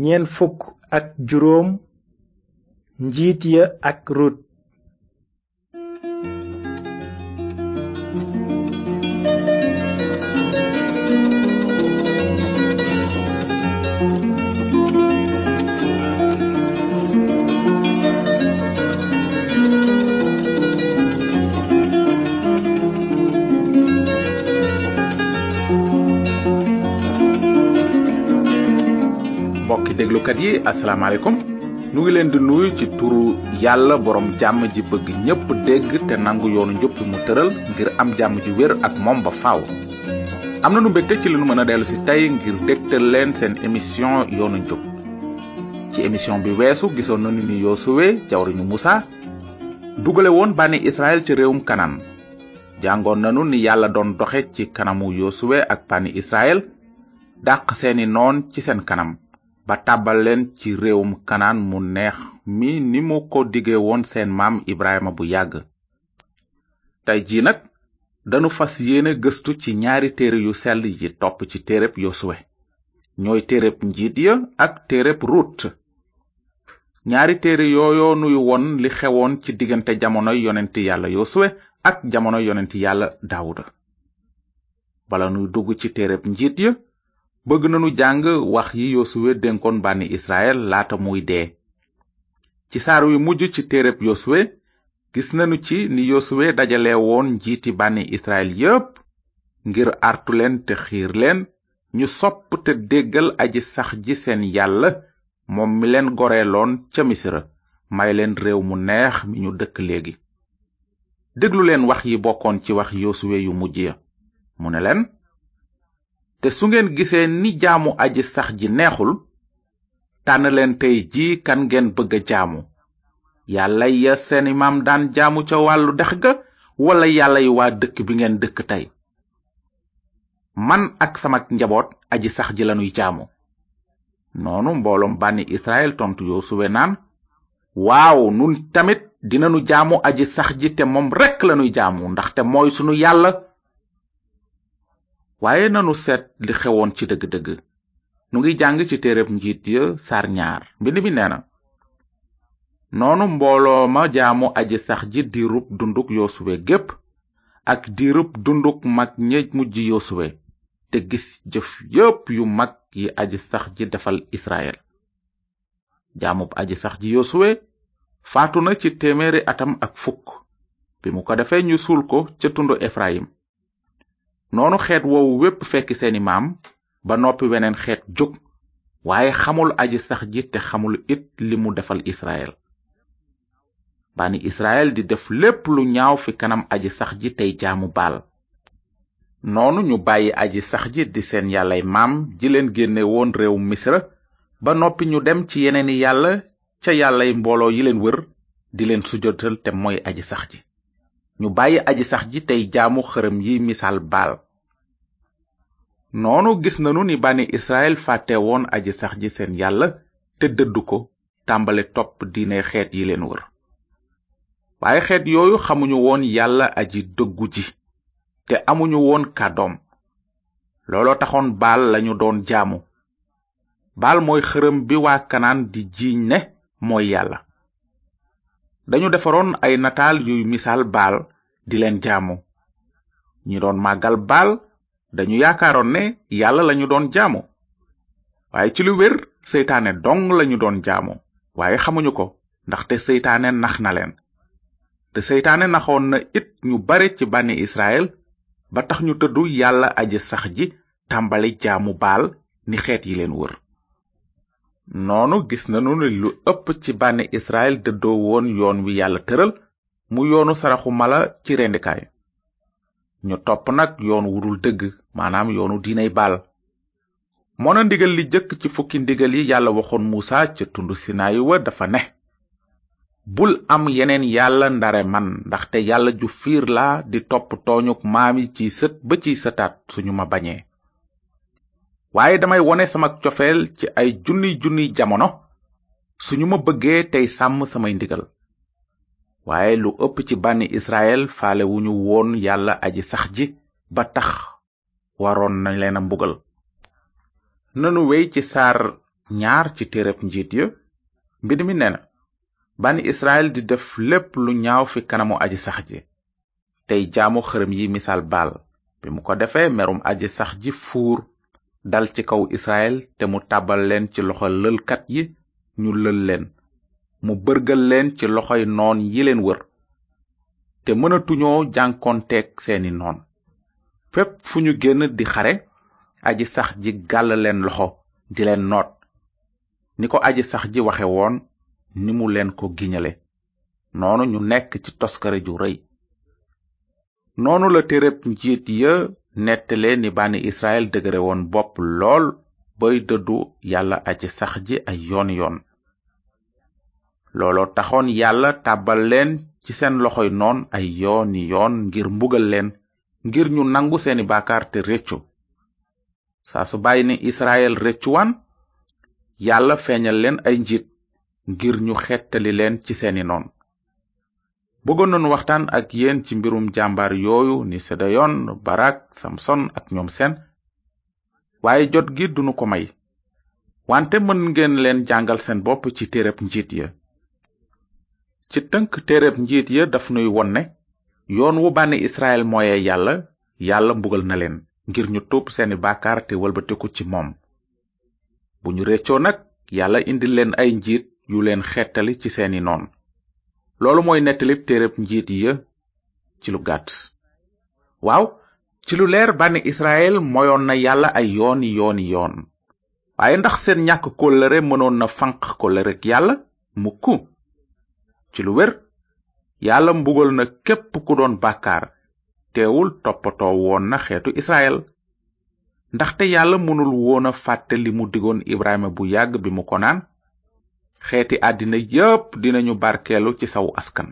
ñeent fukk ak juróom njiit ya ak rut mbokki déglukat yi asalaamaaleykum nu ngi leen di nuyu ci turu yàlla borom jàmm ji bëgg ñépp dégg te nangu yoonu njub mu tëral ngir am jàmm ji wér ak moom ba faw am na nu mbégte ci li mën a dellu si tey ngir dégtal leen seen émission yoonu njub ci émission bi weesu gisoon nañu ni Yosuwe jawriñu Musa dugale woon bànni Israël ci réewum Kanaan jàngoon nañu ni yàlla doon doxe ci kanamu Yosuwe ak bànni Israël daq seeni noon ci seen kanam ba tàbbal leen ci réewum kanaan mu neex mi ni mu ko dige woon seen maam Ibrahima bu yàgg tey jii nag danu fas yéene gëstu ci ñaari téere yu sell yi topp ci téere Yosuwe ñooy téereb njiit ya ak téereb Rut ñaari téere yooyo nuy won li xewoon ci diggante jamono yonent yàlla Yosuwe ak jamono yonent yàlla Daawuda bala nuy dugg ci téere njiit ya bëgg nanu jàng wax yi yosuwe dénkoon bànni israel laata muy dee ci saar wi mujj ci téereb yosuwe gis nanu ci ni yosuwe dajale woon njiiti bànni israel yépp ngir artu leen te xiir leen ñu sopp te déggal aji sax ji seen yàlla moom mi leen goreeloon ca misira may leen réew mu neex mi ñu dëkk léegi déglu leen wax yi bokkoon ci wax yosuwe yu mujj ya mu ne leen te su ngeen gisee ni jaamu aj sax ji neexul tànn leen tey jii kan ngeen bëgg a jaamu yàlla ya seeni maam daan jaamu ca wàllu dex ga walla yàlla yi waa dëkk bi ngeen dëkk tey man ak sama njaboot aji sax ji lanuy jaamu noonu mbooloom bànni israel tontu yosuwe naan waaw nun tamit dinanu jaamu aji sax ji te moom rekk lanuy jaamu ndaxte mooy sunu yàlla waaye nanu seet di xewoon ci dëgg-dëgg nu ngi jàng ci téereb njiit ya sar ñaar mbind mi nee na noonu mbooloo ma jaamu aj sax ji diirub dunduk yosuwe gépp ak diirub dunduk mag ñe mujj yosuwe te gis jëf yépp yu mag yi aj sax ji defal israel jaamub aji sax ji yosuwe faatu na ci téeméeri atam ak fukk bi mu ko defee ñu suul ko ca tundu efraim noonu xeet woowu wépp fekk seeni maam ba noppi weneen xeet jóg waaye xamul aji sax ji te xamul it li mu defal israel bani israel di def lépp lu ñaaw fi kanam aji sax ji tey jaamu baal noonu ñu bàyyi aji sax ji di seen yàllay maam ji leen génne woon réew misra ba noppi ñu dem ci yeneeni yàlla ca yàllay mbooloo yi leen wër di leen sujjotal te mooy aji sax ji ñu bàyyi aji sax ji tey jaamu xërëm yi misaal baal noonu gis nanu ni bani israel fàtte woon aji sax ji seen yàlla te dëddu ko tàmbale topp dina xeet yi leen wër waaye xeet yooyu xamuñu woon yàlla aji dëggu ji te amuñu woon kàddoom looloo taxoon baal lañu doon jaamu baal mooy xërëm bi waa kanaan di jiiñ ne mooy yàlla dañu defaroon ay nataal yuy misaal baal di leen jaamu ñu doon màggal baal dañu yaakaaroon ne yàlla lañu doon jaamu waaye ci lu wér seytaane dong lañu doon jaamu waaye xamuñu ko ndaxte seytaane nax na leen te seytaane naxoon na it ñu bare ci bànni israel ba tax ñu tëddu yàlla aji sax ji tàmbali jaamu baal ni xeet yi leen wër noonu gis nanu ne lu ëpp ci bànni israel dëddoo woon yoon wi yàlla tëral mu yoonu saraxu mala ci rendikaay ñu topp nag yoon wudul dëgg maanaam yoonu diinay baal moona ndigal li jëkk ci fukki ndigal yi yàlla waxoon muusa ca tund sinaayi wa dafa ne bul am yeneen yàlla ndare man ndax te yàlla ju fiir laa di topp tooñuk maam yi ciy sët ba ciy sëtaat suñu ma bañee waaye damay wone sama cofeel ci ay junniy junniy jamono suñu ma bëggee tey sàmm samay ndigal waaye lu ëpp ci bànni Israël faalewuñu woon yàlla aji sax ji ba tax waroon na leen a mbugal nanu wey ci saar ñaar ci téereb njiit ya mbind mi nee na bànni di def lépp lu ñaaw fi kanamu aji sax ji tey jaamu xërëm yi misaal bal bi mu ko defee merum aji sax ji fuur dal ci kaw israel te mu tàbbal leen ci loxo lëlkat yi ñu lël leen mu bërgal leen ci loxoy noon yi leen wër te mënatuñoo jànkonteeg seeni noon fépp fu ñu génn di xare aji sax ji gàll leen loxo di leen noot ni ko aji sax ji waxe woon ni mu leen ko giñale noonu ñu nekk ci toskare ju rëy noonu la téréb njiit ya nettale ni bànni israel dëgëre woon bopp lool bay dëddu yàlla aji sax ji ay yoon yoon looloo taxoon yàlla tàbbal leen ci seen loxoy noon ay yooni yoon ngir mbugal leen ngir ñu nangu seeni baakaar te réccu saa su bàyyi ne israel réccuwaan yàlla feeñal leen ay njiit ngir ñu xetali leen ci seeni noon bëggoon nañu waxtaan ak yéen ci mbirum jàmbaar yooyu ni sedeyon barak samson ak ñoom seen waaye jot gi dunu ko may wante mën ngeen leen jàngal seen bopp ci téereb njiit ya ci tënk téereb njiit ya daf nuy won ne yoon wu bànni israel mooye yàlla yàlla mbugal na leen ngir ñu tuub seeni baakaar te wëlbatiku ci moom bu ñu réccoo nag yàlla indi leen ay njiit yu leen xettali ci seeni noon loolu mooy nettalib téereb njiit ya ci lu gàtt waaw ci lu leer bànni israel moyoon na yàlla ay yooni yooni yoon waaye ndax seen ñàkk kóllëre mënoon na fanq kóllëreg yàlla mukk ci lu wér yàlla mbugal na képp ku doon bàkkaar teewul toppatoo woon na xeetu israel ndaxte yàlla mënul woon a fàtte mu digoon ibrahima bu yàgg bi mu ko naan xeeti àddina yépp dinañu barkeelu ci saw askan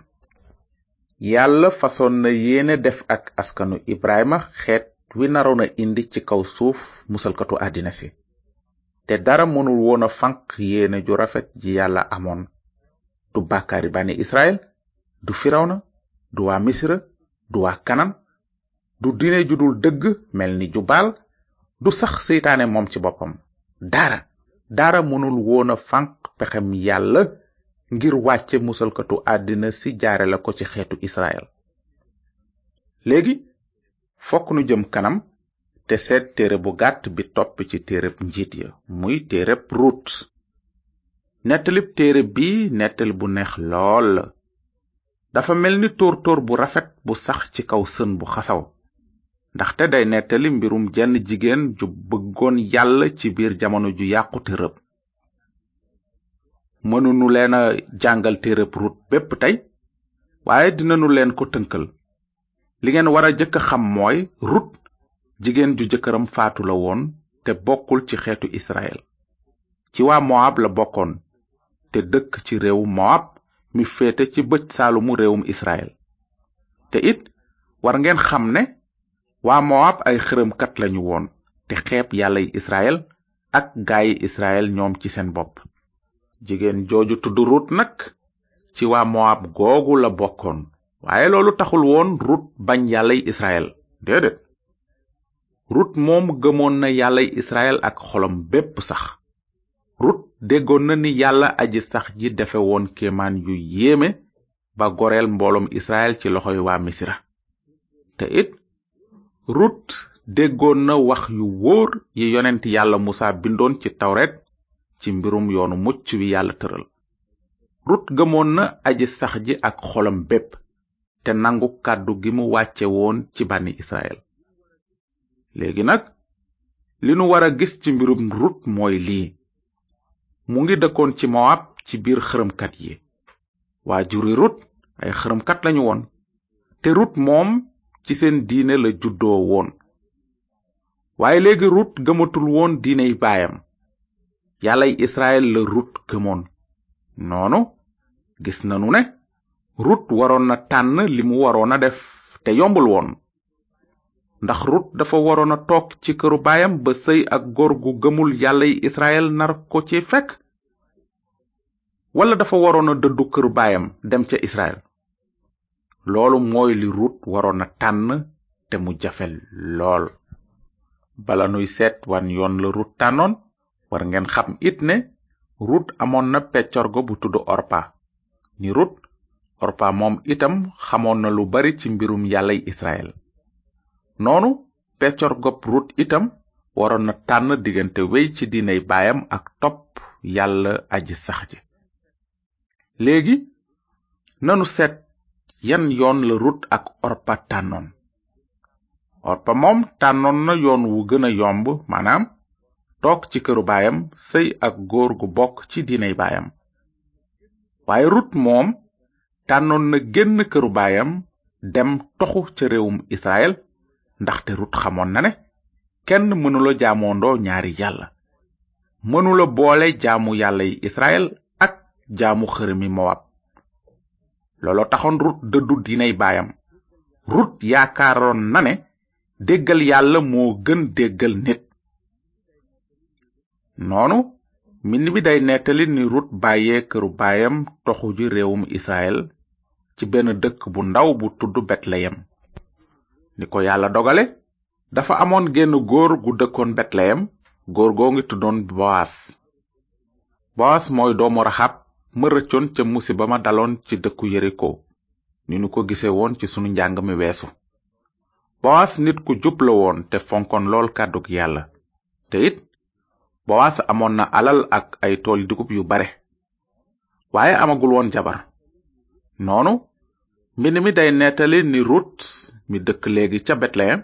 yàlla fasoon na yéene def ak askanu ibrahima xeet wi naroon a indi ci kaw suuf musalkatu àddina si te dara mënul woona a fanq yéene ju rafet ji yàlla amoon du bàkkaari bànni israel du firawna du waa misra du waa kanam du diine ju dul dëgg mel ni jubaal du sax seytaane moom ci boppam daara dara mënul woon a fànq pexem yàlla ngir wàcce musalkatu àddina si jaare la ko ci xeetu israel léegi fokk nu jëm kanam te seet téere bu gàtt bi topp ci téereb njiit ya muy téereb ruut nettalib téere bii nettali bu neex lool dafa mel ni tóor-tóor bu rafet bu sax ci kaw sën bu xasaw ndaxte day nettali mbirum jenn jigéen ju bëggoon yàlla ci biir jamono ju yàqu téere rëb mënunu leen a jàngal téere rut bépp tey waaye dinanu leen ko tënkal li ngeen war a jëkk xam mooy rut jigéen ju jëkkëram faatu la woon te bokkul ci xeetu israel ci waa moab la bokkoon te dëkk ci réew moab mi féete ci bëj saalumu réewum israel te it war ngeen xam ne waa moab ay xërëmkat lañu woon te xeeb yàlla israel ak gaayi israel ñoom ci seen bopp jigéen jooju tudd rut nag ci waa moab googu la bokkoon waaye loolu taxul woon rut bañ yàllay israel déedéet rut moom gëmoon na yàllay israel ak xolom bépp sax déggoon na ni yàlla aji sax ji defewoon woon kéemaan yu yéeme ba goreel mbooloom israel ci loxoy waa misra te it rut déggoon na wax yu wóor yi yonent yàlla musa bindoon ci tawret ci mbirum yoonu mucc wi yàlla tëral rut gëmoon na aji sax ji ak xolam bépp te nangu kàddu gi mu wàcce woon ci bànni israel léegi nag li nu wara gis ci mbirum rut mooy lii mu ngi dëkkoon ci moab ci biir xërëmkat yi waa juri rut ay xërëmkat lañu woon te rut moom ci seen diine la juddoo woon waaye léegi rut gëmatul woon diiney baayam yàllay israel la rut gëmoon noonu gis nanu ne rut waroon na tànn li mu waroon a def te yombul woon ndax rut dafa waroona toog ci këru baayam ba sëy ak góor gu gëmul yàllay israel nar ko ci fekk wala dafa waroon a dëddu këru baayam dem ca israel loolu mooy li rut waroon a tànn te mu jafe lool bala nuy seet wan yoon la rut tànnoon war ngeen xam it ne rut amoon na peccorgo bu tudd orpa ni rut orpa moom itam xamoon na lu bari ci mbirum yàllay israel noonu peccor gopp rut itam waroon na tànn diggante wey ci diiney baayam ak topp yàlla aji sax ji léegi nanu seet yan yoon la rut ak orpa tànnoon orpa moom tànnoon na yoon wu gën a yomb maanaam toog ci këru baayam sëy ak góor gu bokk ci diiney baayam waaye rut moom tànnoon na génn këru baayam dem toxu ca réewum israel ndaxte rut xamoon na ne kenn mënula jaamoondoo ñaari yàlla mënula boole jaamu yàlla yi israel ak jaamu xërëmi mowab looloo taxoon rut dëddu diinay baayam rut yaakaaroon na ne déggal yàlla moo gën déggal nit noonu mbind bi day nettali ni rut bàyyee këru baayam toxu ji réewum israel ci benn dëkk bu ndaw bu tudd betleyem ni ko yàlla dogale dafa amoon génn góor gu dëkkoon betleyem góor goo ngi tuddoon boas boas mooy doomu raxab ma rëccoon ca musiba ma daloon ci dëkku yeriko ni nu ko gise woon ci sunu njàng mi weesu boas nit ku jub woon te fonkoon lool kàddug yàlla te it amoon na alal ak ay tooli dugub yu bare waaye amagul woon jabar noonu mbind mi day nettali ni rut mi dëkk léegi ca betlehem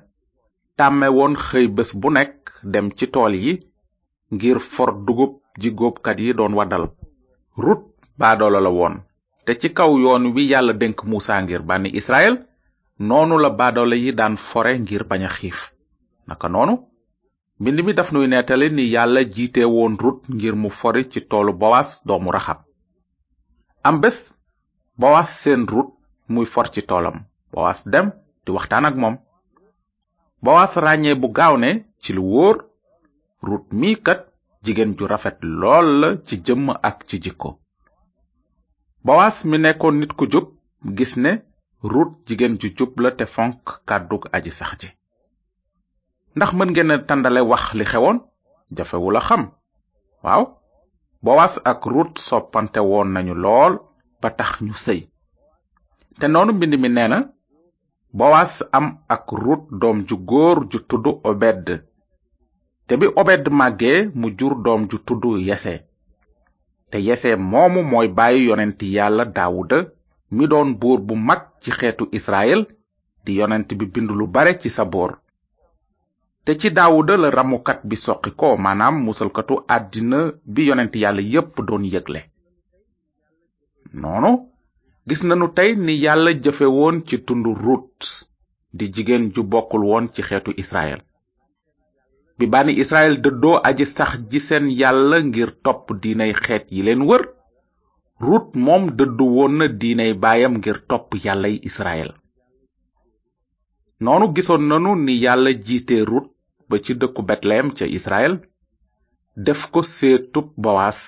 tàmme woon xëy bés bu nekk dem ci tool yi ngir for dugub ji góobkat yi doon waddal rut baadoola la woon te ci kaw yoon wi yàlla dénk muusa ngir bànni israel noonu la baadoola yi daan fore ngir bañ a xiif naka noonu mbind mi daf nuy nettali ni yàlla jiite woon rut ngir mu fori ci toolu bowaas doomu raxab am bés bowaas seen rut muy for ci toolam bowaas dem di waxtaan ak moom bowaas ràññee bu gaaw ne ci lu wóor rut mii kat jigéen ju rafet lool la ci jëmm ak ci jikko bowaas mi nekkoon nit ku jub gis ne rut jigéen ju jubla te fonk kàddug aji sax ji ndax mën ngeen a tàndale wax li xewoon jafewul a xam waaw bowaas ak rut soppante woon nañu lool ba tax ñu sëy te noonu mbind mi nee na bowaas am ak rut doom ju góor ju tudd obed te bi obed màggee mu jur doom ju tudd yese te yese moomu mooy bàyyi yonent yàlla daawuda mi doon buur bu mag ci xeetu israel di yonent bi bind lu bare ci sa boor te ci daawuda la ramukat bi soqi maanaam musalkatu àddina bi yonent yàlla yépp doon yëgle noonu gis nanu tey ni yàlla jëfe woon ci tundu rut di jigéen ju bokkul woon ci xeetu israel bi bànni israel dëddoo aji sax ji seen yàlla ngir topp diinay xeet yi leen wër rut moom dëddu woon na diinay baayam ngir topp yàllay israel noonu gisoon nanu ni yàlla jiite rut ba ci dëkku betlehem ca israel def ko seetub bowaas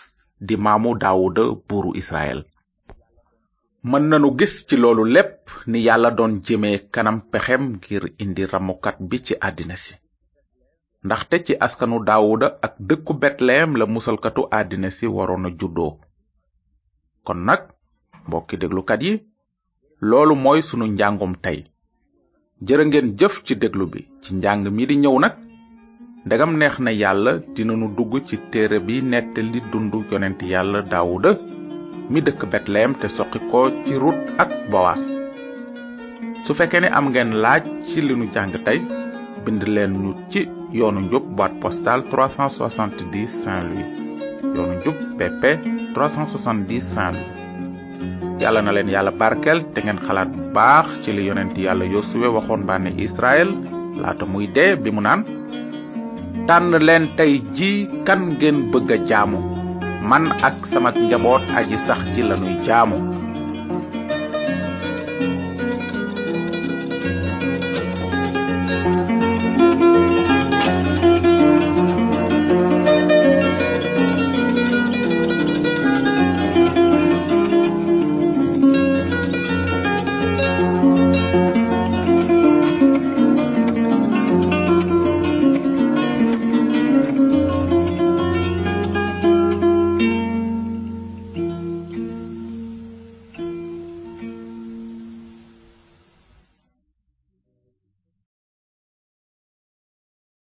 di maamu daawuda buuru israel mën nanu gis ci loolu lépp ni yàlla doon jëme kanam pexem ngir indi ramukat bi ci àddina si ndaxte ci askanu daawuda ak dëkku betlehem la musalkatu àddina si waroon a juddoo kon nag mbokki déglukat yi loolu mooy sunu njàngum tey jërë ngeen jëf ci déglu bi ci njàng mi di ñëw nag ndegam neex na yàlla dinanu dugg ci téere bi nettali dundu yonent yàlla daawuda mi dëkk betlehem te soqi ko ci rut ak bowaas su fekkee ne am ngeen laaj ci li nu jàng tey bind leen ñu ci yoonu njub boîte postale 370 Saint-Louis yoonu njub BP 370 Saint-Louis yàlla na leen yàlla barkeel te ngeen xalaat bu baax ci li yonent yàlla yosuwe waxoon bànne Israël laata muy dee bi mu naan tànn leen tey ji kan ngeen bëgg a jaamu man ak sama njaboot aji sax la lanuy jaamu